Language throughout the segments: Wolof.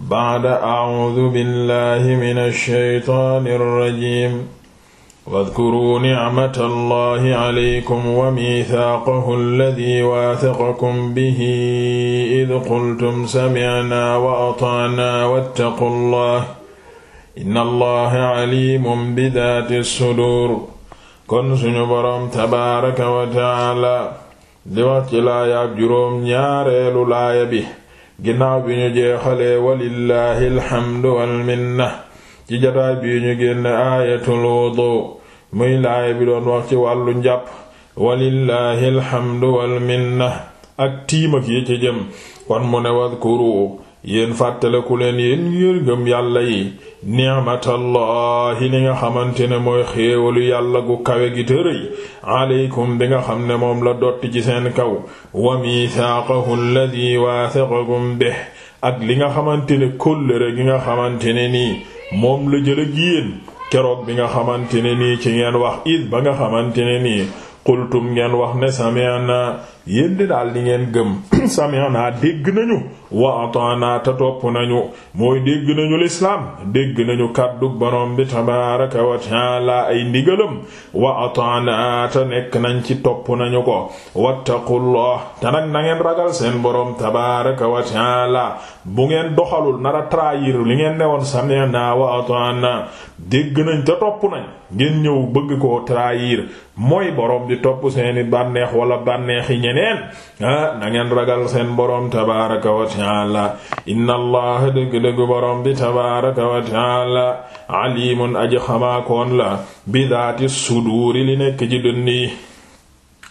bacda acuudu billahi min alsheytaani alrajim wadkuruu nicmata allahi calaykum wa miihaaqahu alladi waahaqakum bihi id qultum samicnaa wa atacnaa wattaqu llah inna allaha caliimun bidaati suduur kon suñu boroom tabaaraka wa tacaala di wax ci laayaab juróom ñaareelu laaya bi ginnaaw bi ñu jeexalee walillahi alhamdu wal minna ci jataay bii ñu génn aayatul wudu muy laaya bi doon wax ci wàllu njàpp walillahi alhamdu wal minna ak tiim yi ci jëm kon mu ne wadkuru yéen fàttaleku leen yéen ngir gëm yàlla yi ni'matallahi li nga xamante ne mooy xéewalu yàlla gu kawe gi tërëy aleykum bi nga xam ne moom la dotti ci seen kaw wa mithaaqahu alladhi waathaqakum de ak li nga xamante ne kóllëre gi nga xamante ne nii moom la jël ak yéen bi nga xamante ne nii ci ngeen wax id ba nga xamante ne nii qultum ngeen wax ne sami'na yéen di daal ngeen gëm sami'na dégg nañu wa atana ta topp nañu mooy dégg nañu lislaam dégg nañu kàddu borom bi tabaaraka wa taala ay ndigalam wa nekk nañ ci topp nañu ko wattaqullah te nag na ngeen ragal seen borom tabaaraka wa taala bu ngeen doxalul nara trahir li ngeen newoon sami'na wa atana dégg nañ ta topp nañ ngeen ñëw bëgg koo trahir mooy borom bi topp seeni bànneex wala bànneexi ñeneen ah na ngeen ragal seen borom tabaaraka taala inna allah dëgg-dëgg borom bi tabaraka wa taala alimun aji xamaakoon la bi daati suduuri li nekk ci dënn yi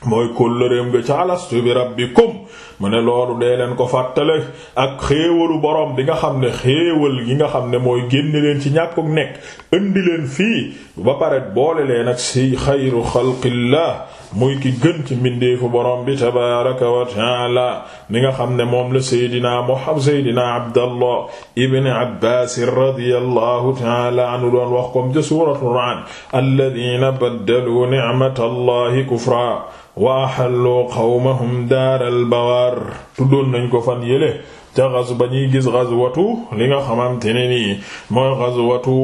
mooy kóllëreem nga ca alastu bi rabbikum mu ne loolu dee leen ko fàttale ak xéewalu borom bi nga xam ne xéewal gi nga xam ne mooy génne leen ci ñàkkuk nekk indi leen fii ba pare boole leen si si xayru xalqillah muy ki gën ci mbindeefu borom bi tabaraka wa taala mi nga xam ne moom la seydina Muhammad seydina Abdallah ibn Abbaas radiyallahu taala anhu doon wax comme ja suuratul Ra'd alladina baddalu ni'matallahi kufra waa wa axalloo qawmahum daaral bawaar tuddoon nañ ko fan yële ca xas ba ñuy gis xaswatu li nga xamante ne nii mooy xaswatu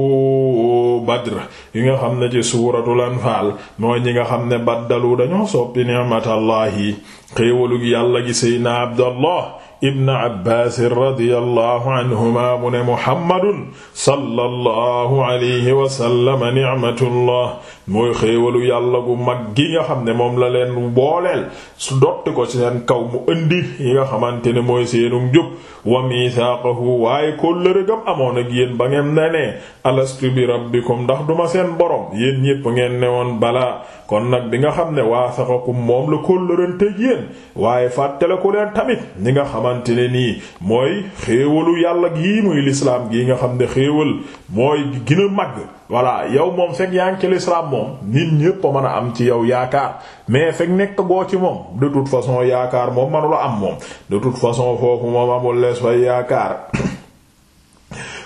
badr yi nga xam ne ci suuratul anfaal mooy ñi nga xam ne baddalu dañoo soppi ni'matallahi xéewalu gi yàlla gi seyna abdallah ibn Abbaas radiyallahu anhuma mu ne Muhammadun sallallahu alayhi wa sallam ni'matullah mooy xéewalu yàlla gu mag gi nga xam ne moom la leen booleel su dotti ko ci seen kaw mu yi nga xamante ne mooy seenum jub wa miisaaqahu waaye kóllëre gam amoon ak yéen ba ngeen ne ne alastu bi rabbikum ndax duma seen borom yéen ñépp ngeen ne woon balaa kon nag bi nga xam ne waasaqakum moom la kóllërante yéen waaye fàttale ko leen tamit ñi nga xam xamante ne nii mooy xéewalu yàlla gii muy lislaam gii nga xam ne xéewal mooy gën a màgg voilà yow moom fekk yaa ngi ci lislaam moom nit ñépp a mën a am ci yow yaakaar mais fekk nekk goo ci moom de toute façon yaakaar moom manula am moom de toute façon foofu moom amul lees fay yaakaar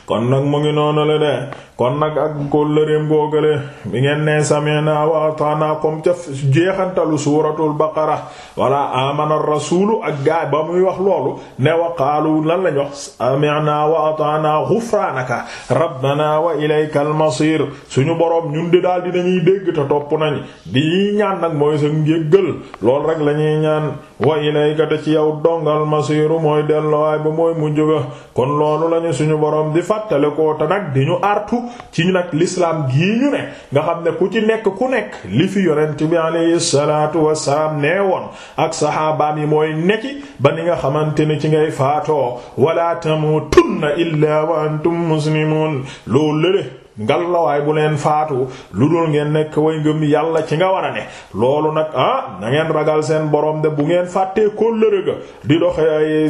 kon nag mu ngi noonu la de kon nag ak kóllëreem googale bi ngeen nee sami'na wa ata'na comme ca jeexantalu suuratul baqara wala amana rasulu ak gaay ba muy wax loolu ne wa qaalu lan lañ wax sami'na wa ata'na ghufranaka rabbana wa ilaykal masir suñu boroom ñun di daal dinañuy dégg te topp nañ di ñaan nag mooy sa njéggal loolu rek lañuy ñaan wa ilayka te ci yow dongal masiru mooy delluwaay ba mooy mujj ga kon loolu lañu suñu boroom di fa fàttale koo te nag di ñu artu ci nag l'islam gii ñu ne nga xam ne ku ci nekk ku nekk li fi yonent bi alayhi salaatu wassalaam nee woon ak saxaabaam yi mooy nekki ba ni nga xamante ne ci ngay faatoo wala tamutunna illaa wa antum muslimun loolu lële ngal bu leen faatu lu dul ngeen nekk way ngëm yàlla ci nga war ne loolu nag ah na ngeen ragal seen borom de bu ngeen fàttee kóllëre ga di doxe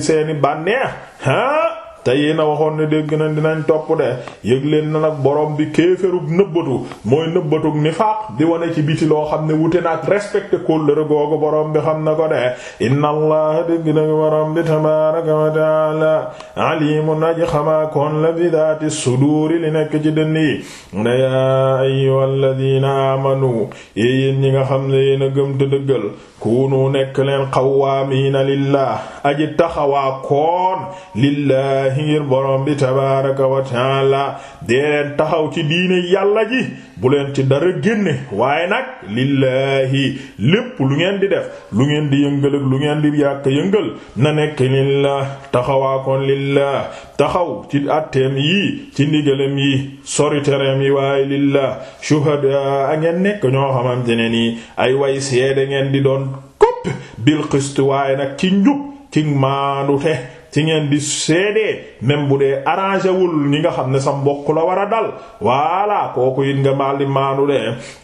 seeni bànneex ah te yéena waxoon ne dégg nañ dinañ topp de yëg leen na nag borom bi kéeférug nëbbatu mooy nëbbatug nifaaq di wane ci biti loo xam ne wute na ak respecté kóllëre googu borom bi xam na ko de inna allaha dégg nag borom bi tabaraka wa taala alimun aji xamaakoon la bi daati suduuri li nekk ci dënn yi ne yaa ayyuhalladhina amanu yéen ñi nga xam ne yéen a gëm te dëggal kuunu nekk leen xawaamiina lillah aji taxawaakoon lillah ngir borom bi tabaaraka wa taala dee leen taxaw ci diine yàlla ji bu leen ci dara génne waaye nag lillaahi lépp lu ngeen di def lu ngeen di yëngal lu ngeen di yàq yëngal na nekk lillaah taxawaakoon lillaah taxaw ci atteem yi ci ndigalem yi sori tereem yi waaye lillaah shuhadaa ngeen nekk ñoo xamante ne nii ay way seede ngeen di doon kopp bil qist waaye nag ci njub ci maandu ci ngeen di seedee même bu dee arrangé wul ñi nga xam ne sa mbokk la war a dal walla kooku it nga maal di maanu de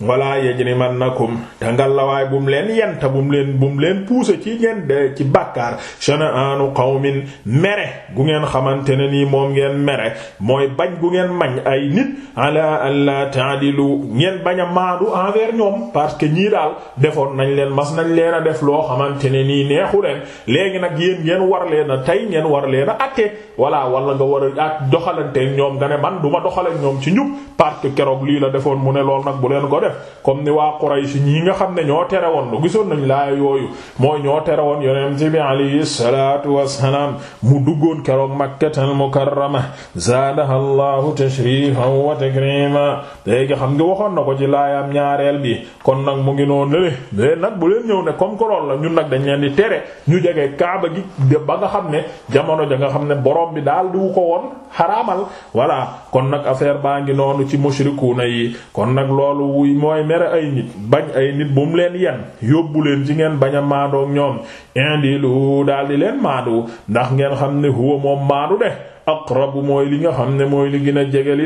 walla yajrimannakum dangal la waay bu mu leen yenta bu leen bu leen poussé ci ngeen de ci bàkkaar shana'anu qawmin mere gu ngeen xamante ne nii moom ngeen mere mooy bañ gu ngeen mañ ay nit ala di lu ngeen bañ a maandu envers ñoom parce que ñii daal defoon nañ leen mas nañ leen a def loo xamante ne nii neexu leen léegi nag yéen ngeen war leen a tey ngeen war leen a àtte voilà wala nga war a doxalanteeg ñoom nga ne man du ma doxalee ñoom ci ñub parce que keroog lii la defoon mu ne lool nag bu leen ko def comme ni waa Quraysh ñii nga xam ne ñoo tere gisoon nañ laa yooyu mooy ñoo tere woon yonent bi alayhi salaatu wassalaam mu duggoon keroog Makkatal Mukarrama zaadaha Allahu tashrifan wa takrima léegi xam nga waxoon na ko ci laayaam ñaareel bi kon nag mu ngi noonu ne bu leen ñëw ne comme ko lool la ñun nag dañ leen di tere ñu jege Kaaba gi ba nga xam ne jamono ja nga xam ne borom bi daal du ko woon xaraamal voilà kon nag affaire baa ngi noonu ci mushrikuuna yi kon nag loolu wuy mooy mere ay nit bañ ay nit bu mu leen yen yóbbu leen ci ngeen bañ a maadoo ñoom indilu daal di leen maadu ndax ngeen xam ne huwa moom maadu de aqrabu mooy li nga xam ne mooy li gën a jege li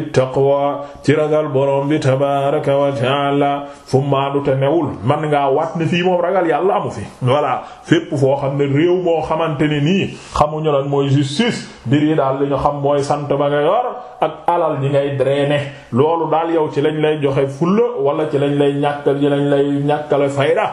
ci ragal borom bi tabaaraka wa taala fu maadu te newul man ngaa wat ne fii moom ragal yàlla amu fi voilà fépp foo xam ne réew moo xamante ni nii xamuñu lan mooy justice mbir yi daal li ñu xam mooy sant ba nga yor ak alal yi ngay drainer loolu daal yow ci lañ lay joxe fulla wala ci lañ lay ñàkkal ci lañ lay ñàkkale fayda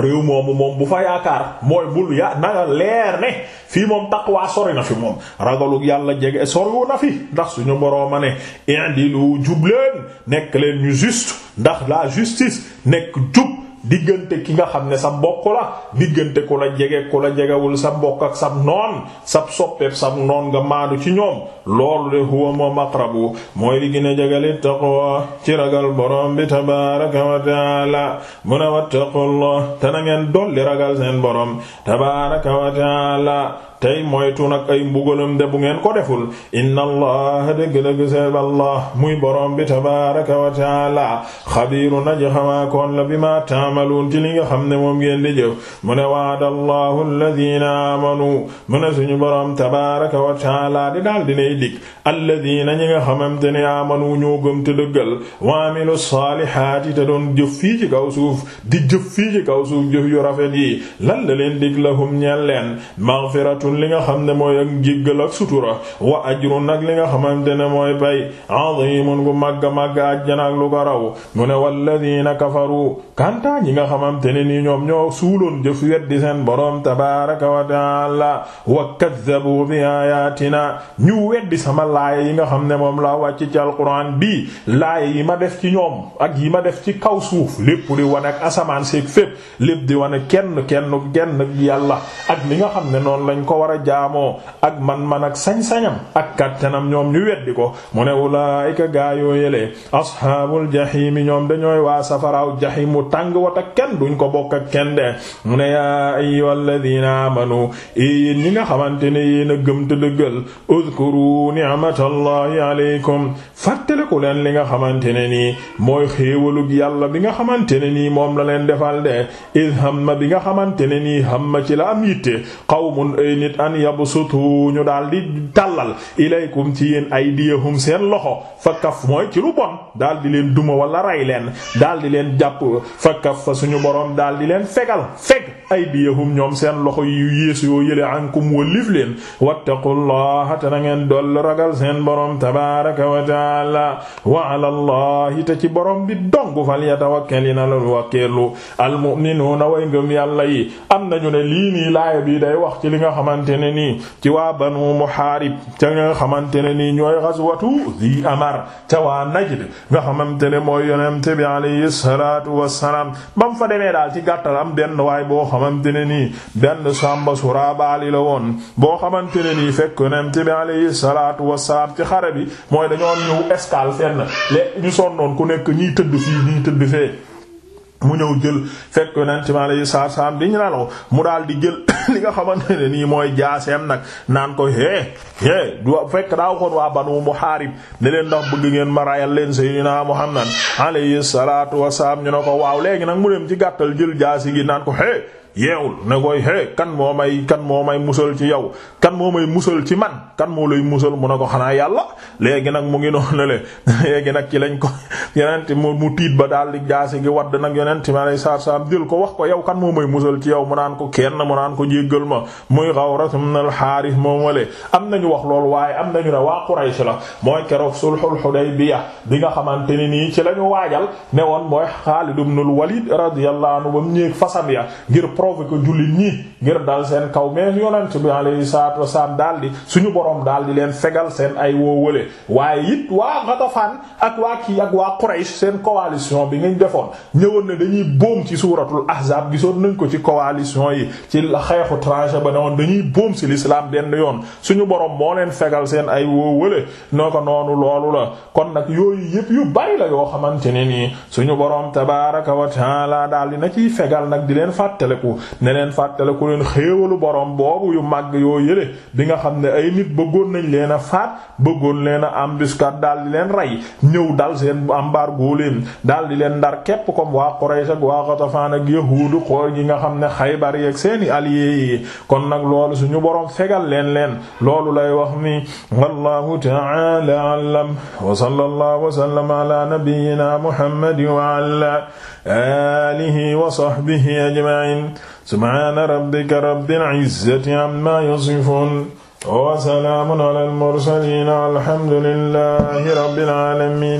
réew moomu moom bu fa yaakaar mooy bul ya nanga leer ne fii moom taqwa sori na fi moom ragalug yàlla jege soriwu na fi ndax suñu borooma ne indilu jub leen nekk leen ñu juste ndax la justice nekk jub diggante ki nga xam ne sa mbokk la diggante ku la jege ku la jegewul sa mbokk ak sa noon sa soppeeb sa noon nga maadu ci ñoom loolu de huwa moom aqrabu mooy li gën a jegeli taqwa ci ragal borom bi tabaraka wa taala mu ne wattaqullah te na ngeen dolli ragal seen borom tabaraka wa taala tey moytu nag ay mbugalam de bu ngeen ko deful inna allah dëgg-dëgg seeb allah muy borom bi tabaraka wa taala xabiirun aji xamaakoon la bi ma taamaluun ci li nga xam ne moom ngeen di jëf mu ne waada allahu alladina aamanu mu ne suñu borom tabaraka wa taala di daal dinay dik alladina ñi nga xamante ne aamanu ñoo gëm te dëggal wa amilu saalihaati te doon jëf fii ci di jëf fii ci kaw suuf jëf yu rafet yi la leen dig lahum ñeel rahmatun li nga xam ne mooy ak njéggal ak sutura wa ajrun nag li nga xamante ne mooy bay azimun gu màgga màgga ajjana ak lu ko raw mu ne walladina kafaru kanta yi nga xamante ne nii ñoom ñoo suuloon jëf weddi seen boroom tabaraka wa taala wa kazzabu bi ayatina ñu weddi sama laaya yi nga xam ne moom laa wàcc ci alquran bi laaya yi ma def ci ñoom ak yi ma def ci kaw suuf lépp di wane ak asamaan seeg fépp lépp di wane kenn kenn kenn yàlla ak li nga ko war a jaamoo ak man-man ak sañ-sañam ak kattanam ñoom ñu weddi ko mu ne ulaayika gaayoo yelee ashaabul jahiimi ñoom dañooy waa safaraaw jahiim mu tàng wat ak kenn duñ ko bokk ak kenn de mu ne yaa ayyuhalladhiina amanu yéen ñi nga xamante ne yéen a gëm te dëggal uzkuru ni'matallahi alaykum fàttaliku leen li nga xamante ne nii mooy xéewalug yàlla bi nga xamante ne nii moom la leen defal de iz hamma bi nga xamante ne nii hamma ci la am yitte qawmun nit an yabsutu ñu daal di tàllal ilaykum ci yéen aydiyahum seen loxo fa kaf mooy ci lu bon daal di leen duma wala rey leen daal di leen jàpp fa kaf fa suñu boroom daal di leen fegal feg aydiyahum ñoom seen loxo yu yéesu yoo yële ankum wa liif leen wattaqullaha te na ngeen doll ragal seen boroom tabaraka wa wa ala allahi te ci boroom bi dong fal yatawakkalina lal wakkeelu almu'minuuna way ngëm yàlla yi am nañu ne lii nii laaya bi day wax ci li nga xamante xamante ne nii ci waa banu muhaarib ca nga xamante ne nii ñooy ghazwatu zi amar ca waa najd nga xamante ne mooy yonente bi alayhi salaatu wassalaam bam fa demee daal ci gàttal am benn waay boo xamante ne nii benn sàmba suraabaali la woon boo xamante ne nii fekk yonente bi alayhi salaatu wassalaam ci xare bi mooy dañoo ñëw escale fenn le ñu sonnoon ku nekk ñiy tëdd fii ñiy tëdd fee mu ñëw jël fekk yonent mi alayhi salaatu salaam di nelaw mu daal di jël li nga xamante ne nii mooy jaaseem nag naan ko hee hee du fekk daa waxoon waa Banu Muhaarib ne leen ndax bëgg ngeen ma rayal leen Seydina Muhammad alayhi salaatu wa wassalaam ñu ne ko waaw léegi nag mu dem ci gàttal jël jaasi gi naan ko hee yeewul ne koy hé kan moo may kan moo may musal ci yow kan moo may musal ci man kan moo lay musal mu ne ko xanaa yàlla léegi nag mu ngi noonu le léegi nag ci lañ ko yonent mu tiit ba daal di jaasi gi wadd nag yonent ma lay saar saam jël ko wax ko yow kan moo may musal ci yow mu naan ko kenn mu naan ko jéggal ma muy Xawratum al Xaaris moomale am ñu wax loolu waaye am nañu ne waa Quraysh la mooy keroog sulhul Hudaybiya bi nga xamante ni nii ci lañu waajal ne woon mooy Xaalid ibnul Walid radiyallahu anhu provoquer jullit ñi ngir dal seen kaw mais yonent bi alayhi salaatu wasalaam daal di suñu borom daal di leen fegal seen ay woowale waaye it waa Ghatafan ak waa kii ak waa Quraysh seen coalition bi ñu defoon ñëwoon na dañuy boom ci suuratul ahzab gisoon nañ ko ci coalition yi ci xeexu tranché ba ne woon dañuy boom ci l'islam benn yoon suñu borom moo leen fegal seen ay woowale noo ko noonu loolu la kon nag yooyu yëpp yu bari la yoo xamante ne nii suñu borom tabaaraka wa taala daal di nag di leen fàttaliku ne leen fàttale ku leen xéewalu borom boobu yu màgg yoo yële bi nga xam ne ay nit bëggoon nañ leen a faat bëggoon leen a embuscade daal di leen rey ñëw dal seen am embargo leen dal di leen ndar képp comme waa Quraysh ak waa Ghatafan ak yahuudu xool yi nga xam ne Xaybar yeeg seeni alliés yi kon nag loolu suñu boroom fegal leen leen loolu lay wax ni wallahu ta'ala a'lam wa sallallahu wa ala nabiyyina Muhammad wa ala alihi wa sahbihi ajma'in subhana rabbika rabbil izzati amma yasifun wa salaamun ala al mursalin alhamdulillahi rabbil alamin